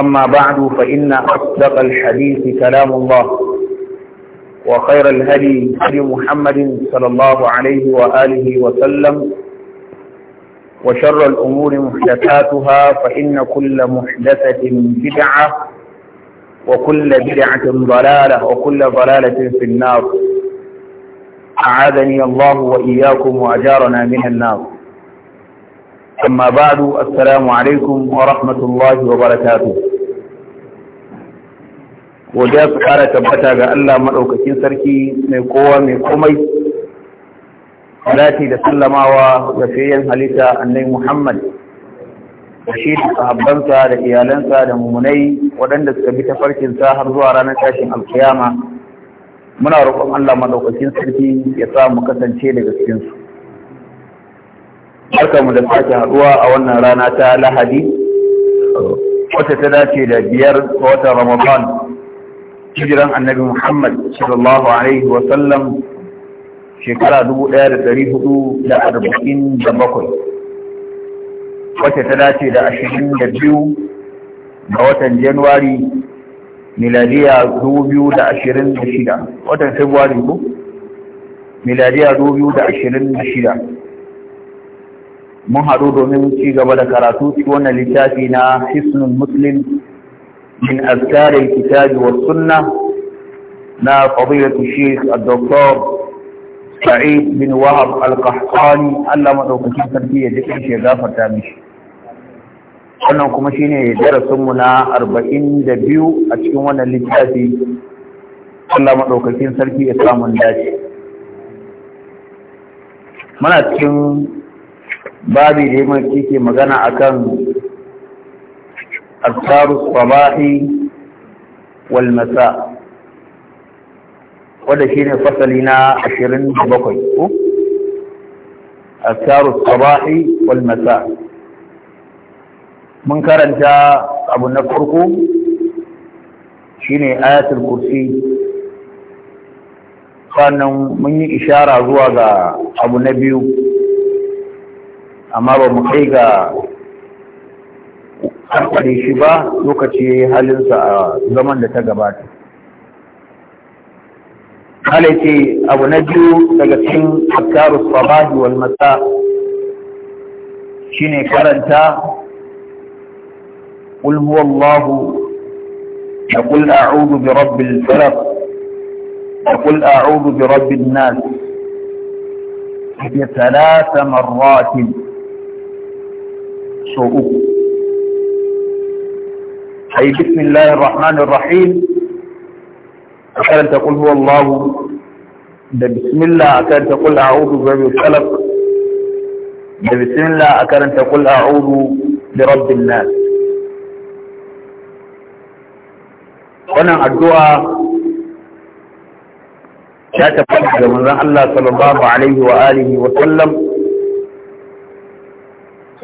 أما بعد فإن أصدق الحديث كلام الله وخير الهدي هدي محمد صلى الله عليه وآله وسلم وشر الأمور محدثاتها فإن كل محدثة بدعة وكل بدعة ضلالة وكل ضلالة في النار أعاذني الله وإياكم وأجارنا من النار أما بعد السلام عليكم ورحمة الله وبركاته godiya su kara tabbata ga Allah maɗaukakin sarki mai kowa mai komai salati da sallamawa ga fiyen halitta annai Muhammad da shi da sahabbansa da iyalansa da mummunai waɗanda suka bi ta tafarkinsa har zuwa ranar tashin alkiyama muna roƙon Allah maɗaukakin sarki ya sa mu kasance daga cikin su Barka mu da sake haɗuwa a wannan rana ta Lahadi wata ta dace da biyar ga watan Ramadan hijiran annabi Muhammad sallallahu alaihi wa sallam shekara 1447 wacce ta dace da 22 ga watan Januwari miladiya 2026 watan Februari ko miladiya 2026 mun haɗu domin ci gaba da karatu ci wannan littafi na Hisnul Muslim من أذكار الكتاب والسنة لا فضيلة الشيخ الدكتور سعيد بن وهب القحطاني الله مدوكتين تربية جئين شغافة تامش wannan kuma shine darasinmu na arba'in da biyu a cikin wannan littafi Allah maɗaukakin sarki ya samun dace muna cikin babi da yamma kike magana akan أذكار الصباح والمساء wanda shine fasali na 27 ko azkaru sabahi wal masa mun karanta abu na farko Shi ne ayatul kursi sannan mun yi ishara zuwa ga abu na biyu amma ba mu kai ga karkware shi ba lokaci halinsa a zaman da ta gabata halace abu na biyu daga cikin afkarus sabahi wal shi ne karanta qul Allahu" da qul Audu bi rabbil falaq da qul Audu bi rabbin nas fi thalath Marwatin so uku Ayi bismillahir rahmanir rahim a karanta qul huwallahu da bismillah a karanta qul da bismillah a karanta qul a'udhu bi rabbin nas addu'a ya tabbata da manzon Allah sallallahu alaihi wa alihi wa sallam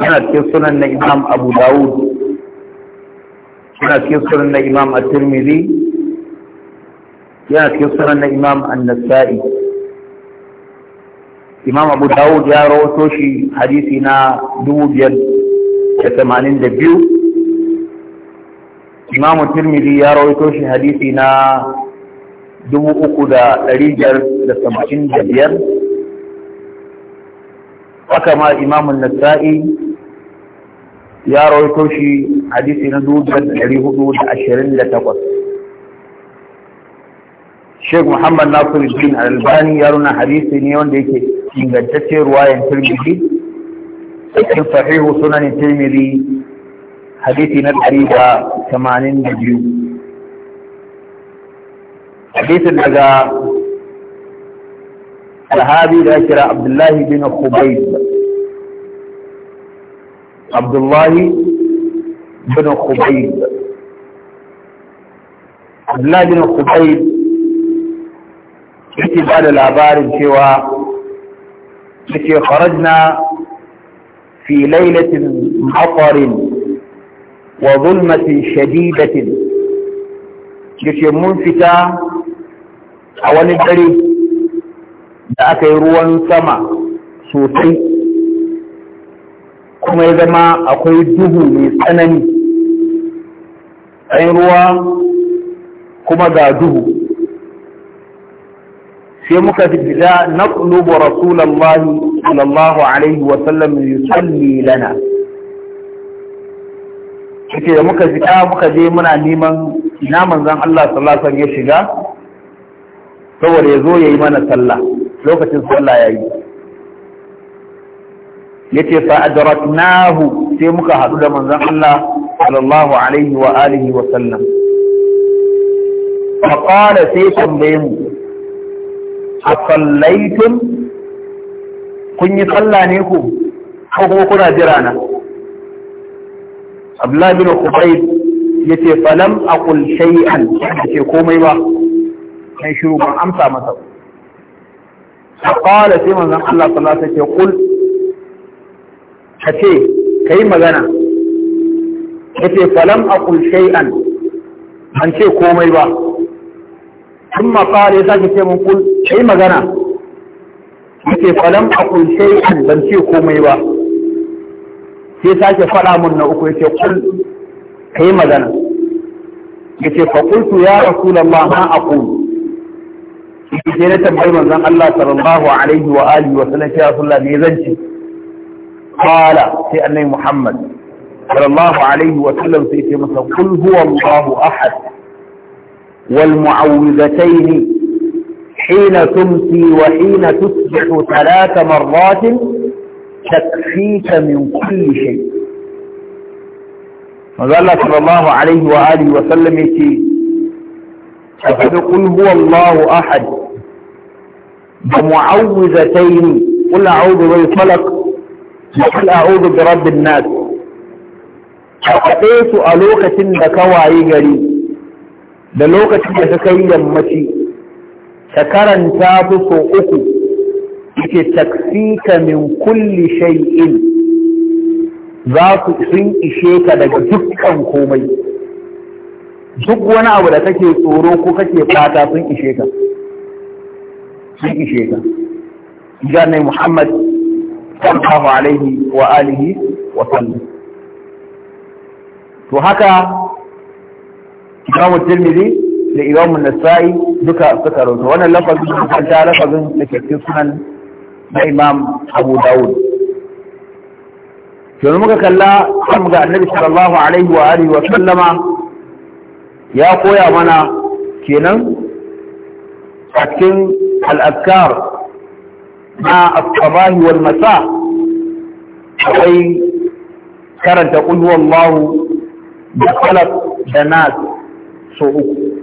yana cikin sunan na Imam Abu Dawud yana cikin sunan na imam a tirmidhi yana cikin sunan na imam an-nasa'i imam abu dawud ya rawato shi hadisi na dubu biyar da tamanin da biyu imam tirmidhi ya rawato shi hadisi na dubu uku da ɗari biyar da saba'in da biyar haka ma imam nasa'i ya rawaito shi hadisi na dubu dari hudu da ashirin da takwas Sheikh Muhammad Nasiruddin Al-Albani ya runa hadisi ne wanda yake ingantacce ruwayan Tirmidhi cikin sahihu sunan Tirmidhi hadisi na ɗari da tamanin da biyu hadisin daga sahabi da kira Abdullahi bin Khubayb عبد الله بن خبيب عبد الله بن خبيب في بعد العبار سوى التي خرجنا في ليلة مطر وظلمة شديدة يأتي منفتة أولي الجري لأتي روان سما سوسي kuma ya zama akwai duhu mai tsanani ɗan ruwa kuma ga duhu sai muka fita na ƙulubu rasulallahu sallallahu alaihi wasallam yusalli lana da muka fita ah, muka je muna neman ina manzon Allah sallallahu alaihi ya shiga saboda ya zo ya yi mana sallah lokacin sallah ya yi Ya ce fa Nahu sai muka haɗu da manzan Allah sallallahu alaihi wa alihi wa sallam fa sai tambaye mu tsallaitun? kun yi tsalla ne ku ko kuma kuna jira na Abdullah bin ya ce, falam aqul shay'an ce komai ba kai shiru ban amsa masa fa sai manzan Allah sallallahu alaihi wa sallam ka ce ka yi magana ya ce falam a shay'an an ce komai ba sun mafara ya sake ce mun kul ka yi magana ya ce falam a shay'an ban ce komai ba sai sake faɗa mun na uku ya ce kul ka yi magana ya ce faƙultu ya da ma a kulu sai na tambayi manzon Allah sallallahu alaihi wa alihi wa sallam ya sallallahu ne zan ce قال في أني محمد صلى الله عليه وسلم في إتمسه قل هو الله أحد والمعوذتين حين تمسي وحين تصبح ثلاث مرات تكفيك من كل شيء وقال صلى الله عليه وآله وسلم في قل هو الله أحد ومعوذتين قل أعوذ بي قل أعوذ برب الناس فقديت ألوكة دكواي غري da lokacin da ta kai yammaci ta karanta su so uku ita takfika min kulli shay'in za su sun ishe ka daga dukkan komai duk wani abu da kake tsoro ko kake fata sun ishe ka sun ishe ka Muhammad sallallahu alaihi wa alihi wa sallam to haka imamu tirmidhi da imamu nasa'i duka suka rawaito wannan lafazin da ta lafazin da ke sunan na imam abu dawud to muka kalla kan ga annabi sallallahu alaihi wa wa sallama ya koya mana kenan a cikin na asbahi wal masa akwai karanta qul huwallahu da falaq da nas so uku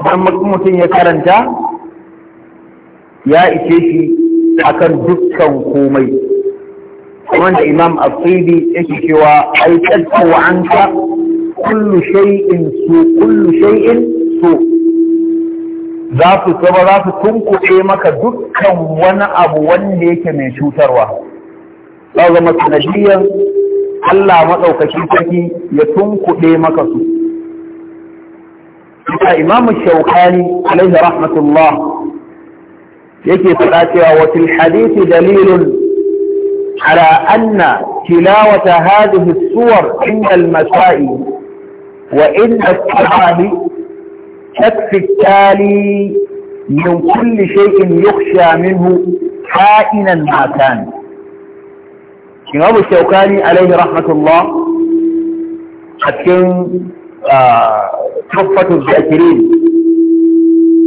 idan mutum ya karanta ya ishe shi akan dukkan komai wanda imam asidi yake cewa ai tattawa anka kullu shay'in su kullu shay'in su za su zama za su tunkuɗe maka dukkan wani abu wanda yake mai cutarwa za zama sanadiyar Allah maɗaukaki sarki ya tunkuɗe maka su ita imamu shaukani alaihi rahmatullah yake faɗa cewa wa fil hadithi dalilun ala anna tilawata hadhihi suwar inda al-masa'i wa inda al شك التالي من كل شيء يخشى منه كائنا ما كان إمام الشوكاني عليه رحمة الله أتكن تحفة الذاكرين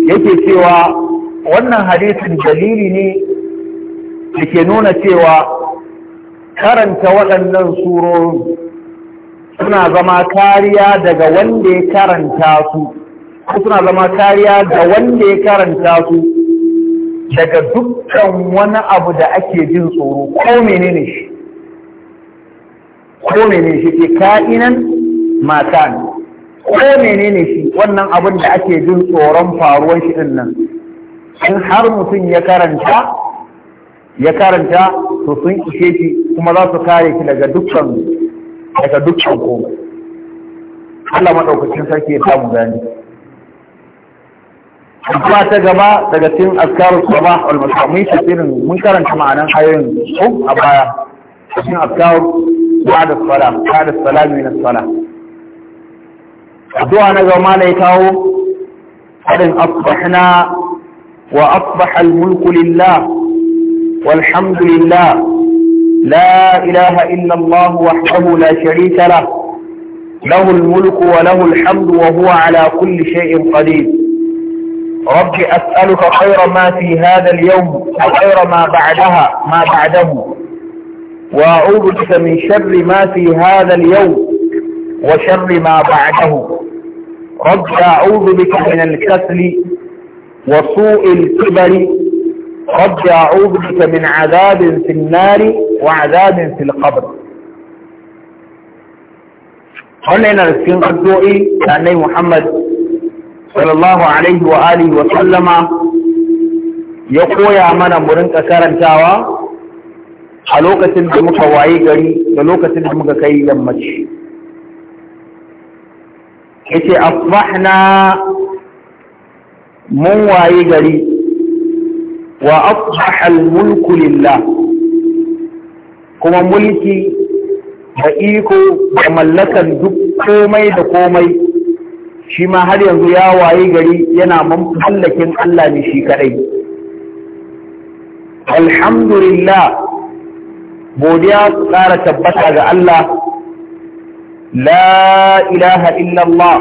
yake cewa wannan hadisin dalili ne da nuna cewa karanta waɗannan surorin suna zama kariya daga wanda ya karanta su ko suna zama kariya ga wanda ya karanta su daga dukkan wani abu da ake jin tsoro ko menene shi ko menene shi ke ka'inan ne, ko menene shi wannan abin da ake jin tsoron faruwar shi din nan in har mutum ya karanta ya karanta to sun ishe shi kuma za su kare shi daga dukkan daga dukkan komai Allah maɗaukacin sarki ya samu gani kuma ta gaba daga cikin askarul sabah wal masa mun tafsirin mun karanta ma'anan ayoyin ko a baya cikin askarul ba'da salat ba'da salam min as-salah addu'a na gaba ne kawo fadin asbahna wa asbaha al-mulku lillah walhamdulillah la ilaha illa Allah wahdahu la sharika lah له الملك وله الحمد وهو على كل شيء قدير رب أسألك خير ما في هذا اليوم وخير ما بعدها ما بعده وأعوذ بك من شر ما في هذا اليوم وشر ما بعده رب أعوذ بك من الكسل وسوء الكبر رب أعوذ بك من عذاب في النار وعذاب في القبر قلنا لنا السين قدوئي لأني محمد sallallahu alaihi wa alihi wa sallama ya koya mana mu rinka karantawa a lokacin da muka waye gari da lokacin da muka kai yammaci yace asbahna mun waye gari wa asbaha al-mulku lillah kuma mulki da iko da mallakan duk komai da komai shi ma har yanzu ya waye gari yana mallakin Allah ne shi kadai alhamdulillah godiya kara tabbata ga Allah la ilaha illallah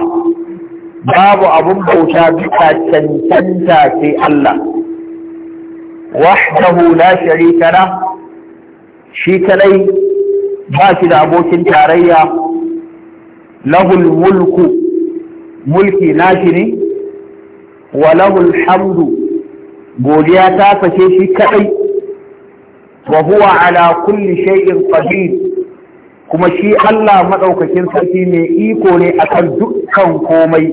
babu abun bauta bisa cancanta sai Allah wahdahu la sharika la shi kadai ba shi da abokin tarayya lahul mulku mulki nashi ne walahul hamdu godiya ta fashe shi kadai wa huwa ala kulli shay'in qadir kuma shi Allah madaukakin sarki ne iko ne akan dukkan komai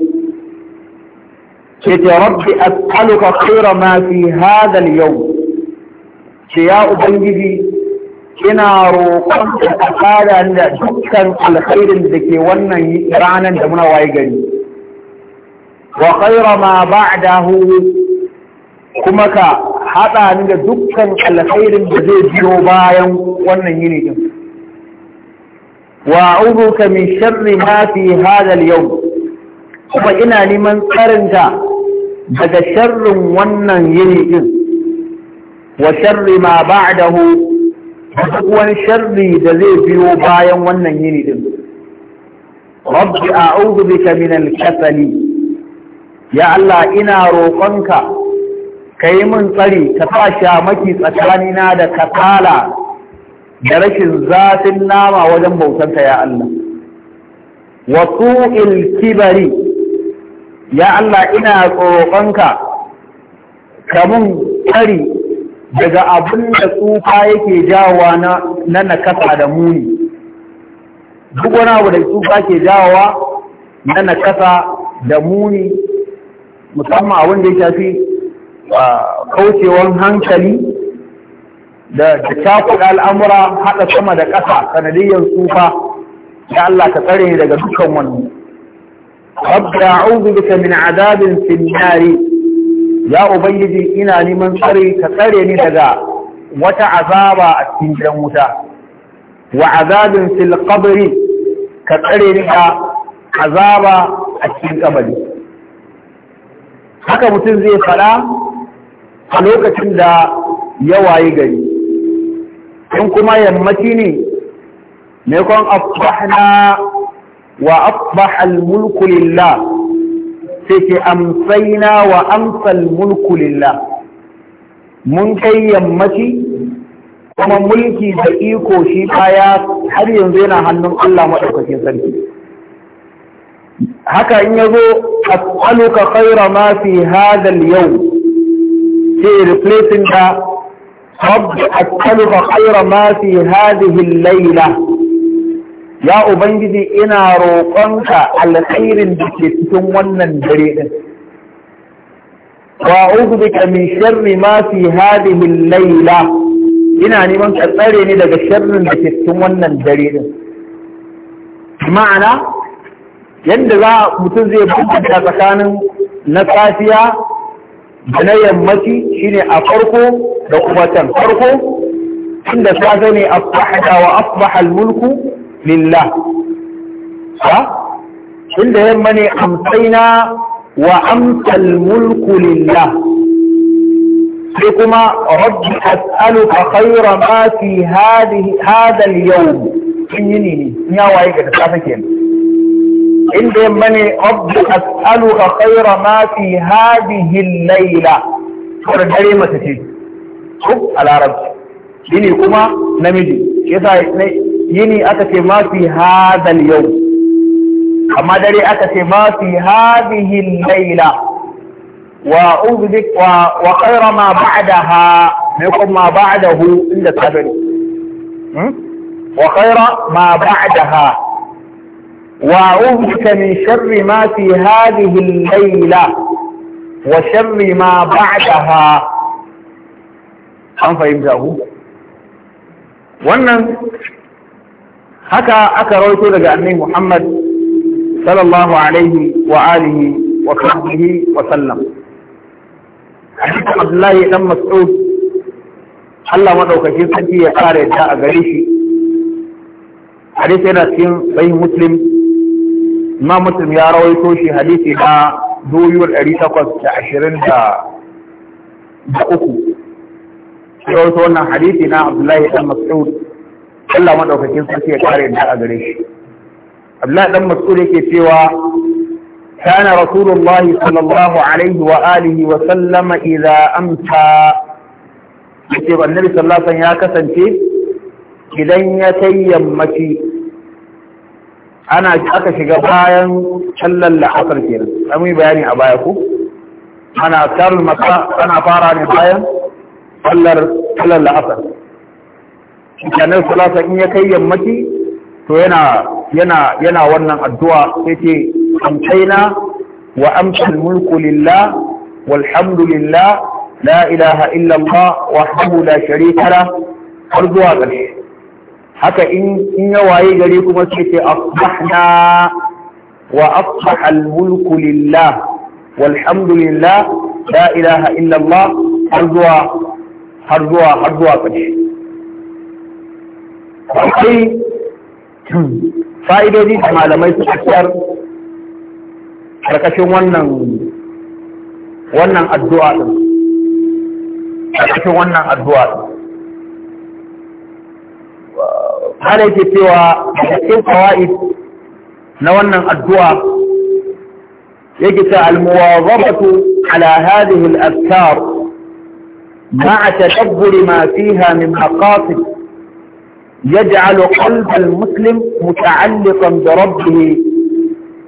ce rabbi as'aluka khayra ma fi hadha al-yawm ce ya ubangiji ina roƙon ka tsada da dukkan alkhairin da ke wannan ranar da muna waye gari wa khayra ma ba'dahu kuma ka haɗa ni da dukkan alkhairin da zai biyo bayan wannan yini din wa a'udhuka min sharri ma fi hadha al kuma ina neman tsarinta daga sharrin wannan yini din wa sharri ma ba'dahu duk wani sharri da zai biyo bayan wannan yini din rabbi a'udhu bika min al ya Allah ina roƙonka ka yi min tsari ka sa shamaki tsakanina da katala da rashin zafin nama wajen bautanka ya Allah wa su'il kibari ya Allah ina roƙonka ka mun tsari daga abin da tsufa yake jawowa na na nakasa da muni duk wani abu da tsufa ke jawowa na nakasa da muni musamman abin da ya shafi kaucewan hankali da cakuɗa al'amura haɗa sama da ƙasa sanadiyyar tsufa ya Allah ka tsare daga dukkan wannan. Rabbi a'udhu bika min adabin finnari ya ubangiji ina neman tsare ka tsare ni daga wata azaba a cikin gidan wuta wa azabin fil qabri ka tsare ni da azaba a cikin kabari haka mutum zai fada a lokacin da ya wayi gari in kuma yammaci ne maimakon asbahna wa asbaha mulku lillah sai ke amsaina wa amsal mulku lillah mun kai yammaci kuma mulki da iko shi baya har yanzu yana hannun Allah maɗaukakin sarki haka in ya zo أسألك خير ما في هذا اليوم في رفلسنجا رب أسألك خير ما في هذه الليلة يا أبنجدي إنا روقنك على الخير بكتن والنجرين وأعوذ بك من شر ما في هذه الليلة إنا نمانك أسألني لك شر بكتن والنجرين معنى yadda za mutum zai bambanta tsakanin na safiya da na yammaci shine a farko da kuma can farko inda safe ne asbahata wa asbaha al-mulku lillah ha inda yamma ne amsaina wa amsa mulku lillah sai kuma rabbi as'aluka khayra ma fi hadhihi hadha al-yawm in yini ne ya waye ga safe kenan عند من أب أسألك خير ما في هذه الليلة سورة الحريمة تتيج شوف العرب ديني كما نمجي كيف يني أتكي ما في هذا اليوم أما داري أتكي ما في هذه الليلة وأعوذ بك و... وخير ما بعدها ما يكون ما بعده إلا تعبني وخير ما بعدها وأعوذك من شر ما في هذه الليلة وشر ما بعدها an fahimta ku wannan haka aka rawaito daga annabi Muhammad sallallahu alaihi wa alihi wa sahbihi wa sallam Abdullahi dan Mas'ud Allah madaukakin sarki ya kare ta a gare shi hadisi yana cikin sahih Muslim imam muslim ya rawaito shi hadisi na doyuwar ɗari takwas da ashirin da uku wannan hadisi na abdullahi dan mas'ud Allah madaukakin sarki ya kare da a gare shi abdullahi dan mas'ud yake cewa كان رسول الله صلى الله عليه وآله وسلم إذا أمسى يقول النبي صلى الله عليه وسلم يا كسنتي إذن ana aka shiga bayan sallar la'asar kenan an yi bayani a baya ko ana karin ana fara ne bayan sallar sallar la'asar kenan salasa in ya kai yammaci to yana yana yana wannan addu'a sai ce amsaina wa amsal mulku lillah walhamdulillah la ilaha illa allah wahdahu la sharika lah har zuwa ƙarshe haka in ya waye gari kuma sai ce asbahna wa asbaha al-mulku lillah walhamdulillah la ilaha illa Allah har zuwa har zuwa har zuwa ƙarshe akwai fa'idodi da malamai su tsakiyar karkashin wannan wannan addu'a din karkashin wannan addu'a din ana yake cewa a cikin fawaid na wannan addu'a yake ta almuwazabatu ala hadhihi al-azkar ma'a tadabburi ma fiha min maqasid يجعل قلب المسلم متعلقا بربه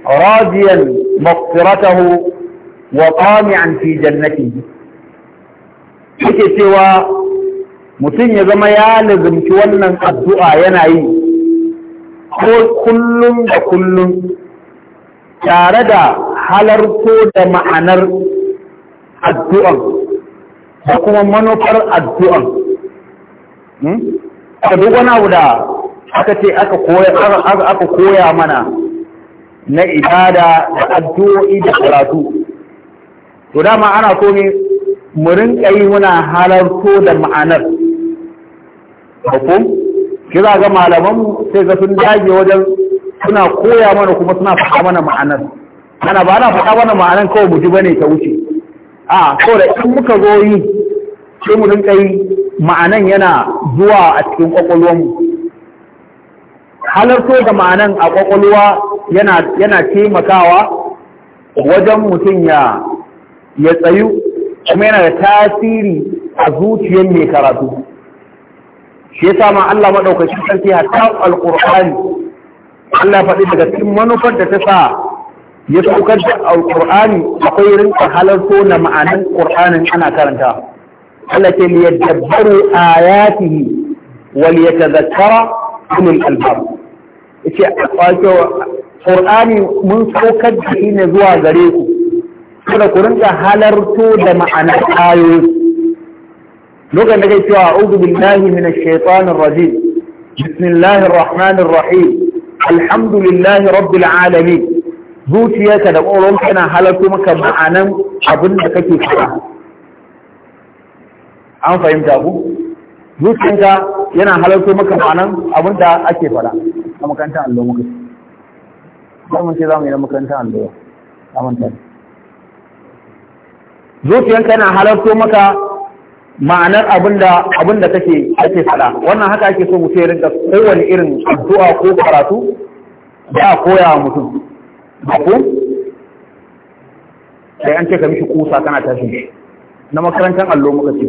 راضيا مغفرته وطامعا في جنته yake cewa mutum ya zama ya lazumci wannan addu'a yana yi ko kullum da kullum tare da halarto da ma'anar addu'an da kuma manufar addu'an hmm? a duk wani abu da aka ce aka koya mana na ibada da addu'o'i da karatu to dama ana so ne mu rinka yi muna halarto da ma'anar hukum kira ga malaman sai ga sun dage wajen suna koya mana kuma suna faɗa mana ma'anar ana ba na faɗa mana ma'anar kawai mu ji bane ta wuce a kawai in muka zo yi sai mu rinka yi ma'anan yana zuwa a cikin mu halarto da ma'anan a kwakwalwa yana yana taimakawa wajen mutum ya tsayu kuma yana da tasiri a zuciyar mai karatu shi yasa ma Allah madaukakin sarki hatta alqur'ani Allah faɗi daga cikin manufar da ta sa ya saukar da alqur'ani akwai rinka halarto na ma'anin ƙur'anin ana karanta Allah ke li yadabbaru ayatihi wa li yatadhakkara ulul albab yace qur'ani mun saukar da shi ne zuwa gare ku kada ku rinka halarto da ma'anar ayoyi lokacin da kai cewa a'udhu billahi minash shaitanir rajim bismillahir rahmanir rahim alhamdulillahi rabbil alamin zuciyarka da ƙoron kana halatto maka ma'anan abin da kake fara an fahimta ku zuciyarka yana halatto maka ma'anan abin da ake fara a makarantar allo muka ce mu ce za mu yi na makarantar allo a mantar zuciyarka yana halatto maka ma'anar abinda da kake ake fada wannan haka ake so mutum ya rinka kowane irin addu'a ko karatu da a koya wa mutum ba ko sai an ce ka mishi kusa kana tashi shi na makarantar allo muka ce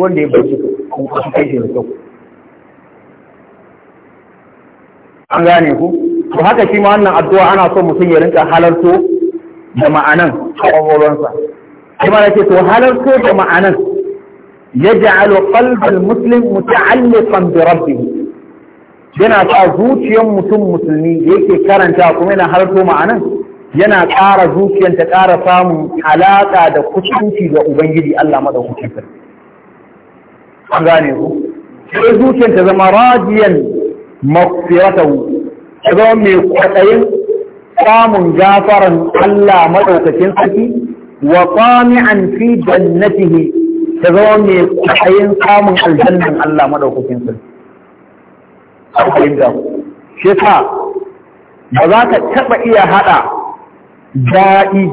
wanda ya bai shi kuma su kai shi da kyau an gane ku to haka shi ma wannan addu'a ana so mutum ya rinka halarto da ma'anar a ƙwaƙwalwansa kuma da ce to halarto da ma'anan ya ja'alu qalbal musulun muta'alliqan bi rabbih yana sa zuciyar mutum musulmi da yake karanta kuma yana halarto ma'anan yana ƙara zuciyar ta ƙara samun alaƙa da kusanci ga ubangiji Allah madaukakin sarki an gane ku sai zuciyar ta zama rajiyan mafiratahu ta zama mai kwaɗayin samun gafaran Allah maɗaukacin sarki wa tsami'an fi jannatihi ta zama mai kwayin samun aljannan Allah madaukakin sarki Akwai da shi sa ba za ka taɓa iya haɗa daɗi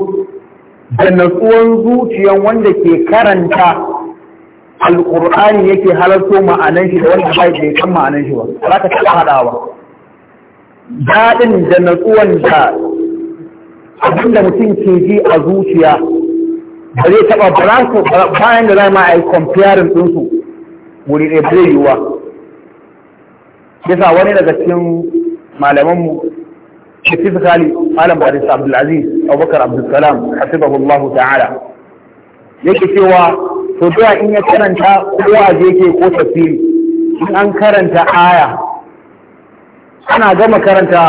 da natsuwan zuciyan wanda ke karanta alƙur'ani yake halarto ma'anan shi da wanda ba bai kan ma'anan shi ba za ka taɓa haɗawa. daɗin da natsuwan da abinda mutum ke ji a zuciya ba zai taɓa ba bayan da za a yi kwamfiyarin ɗinsu wuri ɗaya ba zai yiwuwa bisa wani daga cikin malamanmu specifically malam baris abdulaziz abubakar abdulsalam hasibahullahu ta'ala yake cewa to da in ya karanta kowa je ke ko tafsiri in an karanta aya ana gama karanta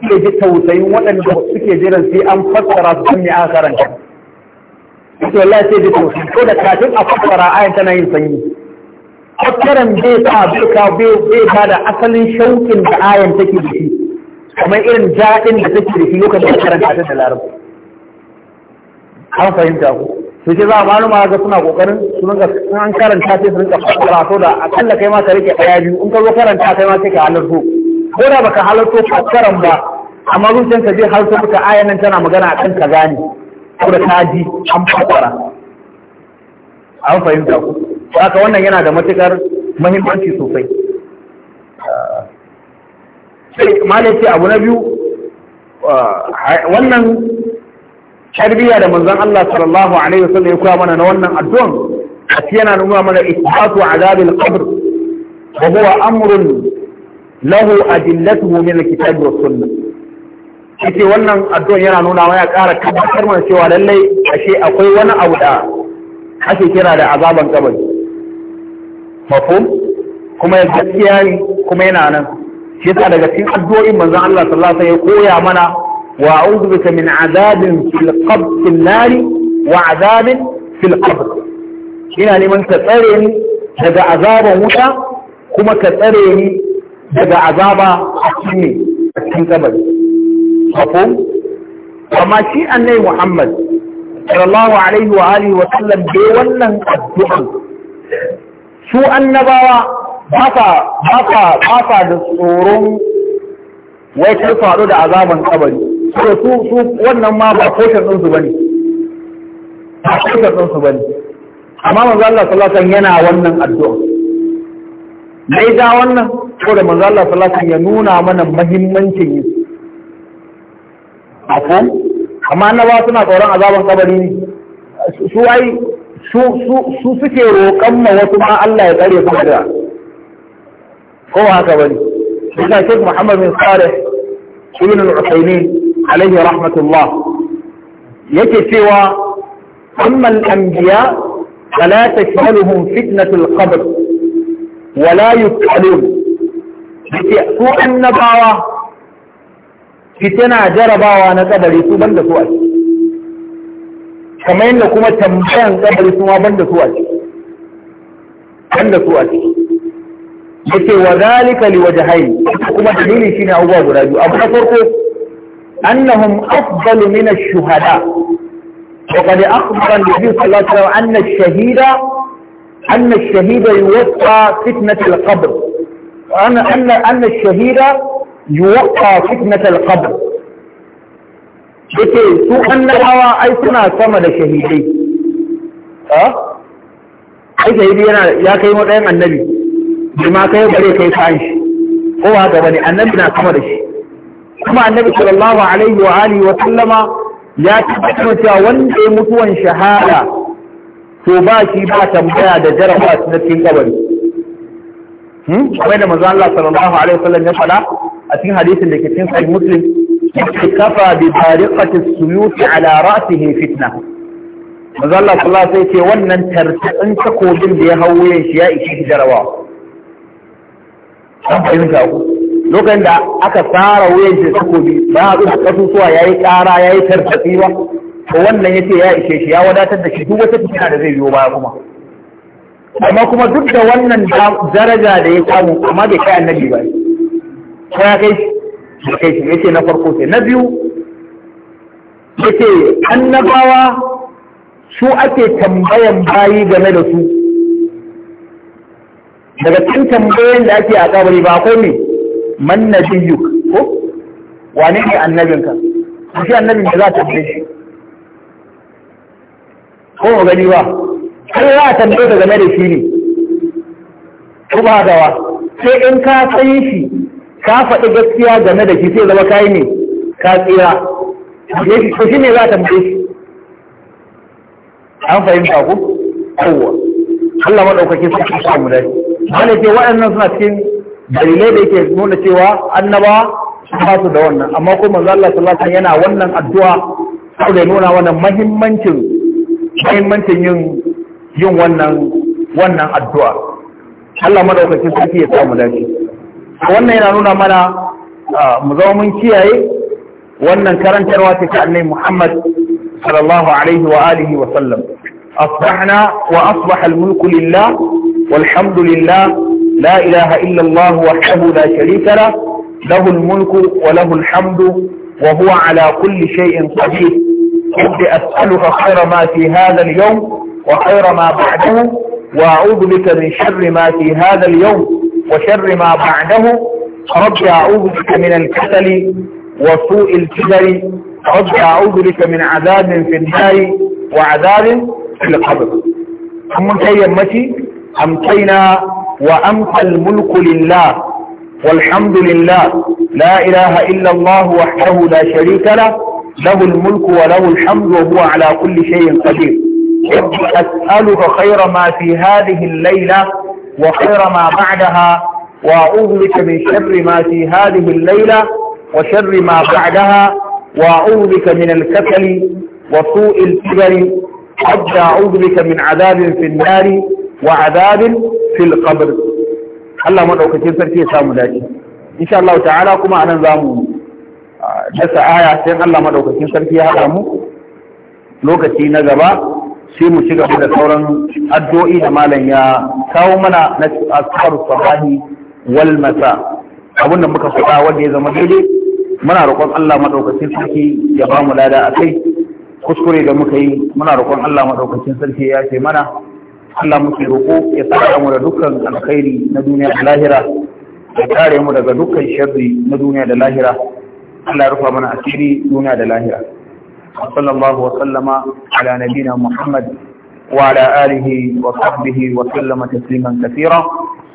suke ji tausayin waɗanda suke jiran sai an fassara su ne aka karanta ita wallahi sai da tofi ko da kafin a fassara ayan tana yin sanyi fakkaran bai sa bai ka bai ba da asalin shauƙin da ayan take da shi kamar irin daɗin da take da shi lokacin da karanta ta da larabu an fahimta ku su ce za a maluma ga suna kokarin su rinka an karanta sai su rinka so da akalla kai ma ka rike a biyu in ka zo karanta kai ma sai ka halarto ko da baka halarto fassaran ba amma zuciyarka zai halarto ka ayan nan tana magana akan ka gane. saboda ta ji an fara, an fahimta ku to haka wannan yana da matukar muhimmanci sosai malai ce abu na biyu eh, wannan tarbiyya da manzon Allah sallallahu alaihi wasallam ya koya mana na wannan addu'an a yana nuna mana isbatu azabil qabr wa huwa amrun lahu adillatuhu min alkitabi was sunnah yake wannan addu'an yana nuna mana ƙara tabbatar mana cewa lallai ashe akwai wani abu da ake kira da azaban kabari mafhum kuma gaskiya ne kuma yana nan shi yasa daga cikin addu'o'in manzon Allah sallallahu alaihi wasallam ya koya mana wa a'udhu bika min azabin fil qabr fil nar wa azabin fil qabr ina neman ka tsare ni daga azaban wuta kuma ka tsare ni daga azaba a a cikin kabari mafhum amma shi annai Muhammad sallallahu alaihi wa alihi wa sallam da wannan addu'an su annabawa ba sa ba da tsoron wai kar faɗo da azaban kabari so su su wannan ma ba kotar din su bane ba kotar din su bane amma manzo Allah sallallahu alaihi yana wannan addu'a mai ga wannan ko da manzo Allah sallallahu alaihi ya nuna mana muhimmancin yi mafhum amma annaba suna tsoron azaban kabari ne su ai su su suke roƙon ma wasu ma Allah ya tsare su da ko haka bane bisa Sheikh Muhammad bin Salih ibn al-Uthaymeen alayhi rahmatullah yake cewa amma al-anbiya فلا تشملهم فتنة القبر ولا يبتلون su annabawa fitina jarabawa na kabari su banda su ake kamar yadda kuma tambayan kabari su ma banda su ake banda su ake yake wa zalika li wajhayn kuma dalili shine abubuwa guda biyu abu na farko annahum afdalu min ash-shuhada wa qad akhbara an-nabi sallallahu alaihi wasallam anna ash-shahida anna ash-shahida yuwaffa fitnat al-qabr anna anna ash-shahida yuwaqqa fitnatal qabr yake su annabawa ai suna sama da shahidai ha ai shahidi ya kai matsayin annabi bai ma kai bare kai kan shi ko ba ga bane annabi na sama da shi kuma annabi sallallahu alaihi wa alihi wa sallama ya tabbatar cewa wanda ya mutuwan shahada to ba shi ba tambaya da jarabawa na cikin kabari hmm kamar da manzo Allah sallallahu alaihi wa sallam ya faɗa a cikin hadisin da ke cikin sahih muslim kafa bi bariqati suyuti ala ra'sihi fitna manzo Allah sallallahu alaihi ce wannan tartsin takobin da ya hawo yan shi ya ishi jarawa an fahimta ku lokacin da aka fara wuyan shi takobi ba a zuwa kasusuwa yayi kara yayi tartsi ba to wannan yace ya ishe shi ya wadatar da shi duk wata fitina da zai biyo baya kuma amma kuma duk da wannan daraja da ya samu amma bai kai annabi ba ne. ko ya kai shi ya kai shi yace na farko sai na biyu yace annabawa su ake tambayan bayi game da su daga cikin tambayan da ake a kabari ba akwai ne man na biyu. ko wane ne annabinka shi annabin da za ta tambaye shi ko gani ba sai za a tambaye ka game da shi ne ba gawa sai in ka san shi ka faɗi gaskiya game da shi sai zama kayi ne ka tsira ko shi ne za ta mace shi an fahimta ku kowa Allah maɗaukakin sun fi samu dai wanda ke waɗannan suna cikin dalilai da yake nuna cewa annaba sun ba su da wannan amma ko manzo Allah sallallahu alaihi yana wannan addu'a saboda ya nuna wannan muhimmancin muhimmancin yin yin wannan wannan addu'a Allah maɗaukakin sun fi samu shi. wannan yana nuna mana mu zama mun kiyaye wannan karantarwa ta ta annabi Muhammad sallallahu alaihi wa alihi wa sallam asbahna wa asbaha al-mulku lillah walhamdulillah la ilaha illa Allah wahdahu la sharika lah lahu mulku wa lahu hamdu wa huwa ala kulli shay'in qadir rabbi as'aluka khayra ma fi hadha al-yawm wa khayra ma ba'dahu wa a'udhu bika min sharri ma fi hadha وشر ما بعده رب أعوذ بك من الكسل وسوء الكبر رب أعوذ بك من عذاب في النار وعذاب في القبر أمتي يمتي أمتينا وأمتى الملك لله والحمد لله لا إله إلا الله وحده لا شريك له له الملك وله الحمد وهو على كل شيء قدير أسألك خير ما في هذه الليلة وخير ما بعدها وأعوذ بك من شر ما في هذه الليلة وشر ما بعدها وأعوذ بك من الكسل وسوء الكبر حتى أعوذ بك من عذاب في النار وعذاب في القبر الله مدعوكتين سركي سامو داشي إن شاء الله تعالى كما أنا زامو dasa aya sai Allah madaukakin sarki ya haɗa mu lokaci na sai mu ci gaba da sauran addu'o'i da malam ya kawo mana na asfar sabahi wal masa abin da muka faɗa wanda ya zama daidai muna roƙon Allah madaukakin sarki ya ba mu lada a kai kuskure da muka yi muna roƙon Allah madaukakin sarki ya ce mana Allah muke roƙo ya tsara mu da dukkan alkhairi na duniya da lahira ya kare mu daga dukkan sharri na duniya da lahira Allah ya rufa mana asiri duniya da lahira وصلى الله وسلم على نبينا محمد وعلى آله وصحبه وسلم تسليما كثيرا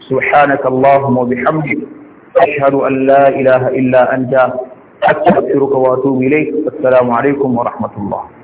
سبحانك اللهم وبحمدك أشهد أن لا إله إلا أنت أستغفرك وأتوب إليك السلام عليكم ورحمة الله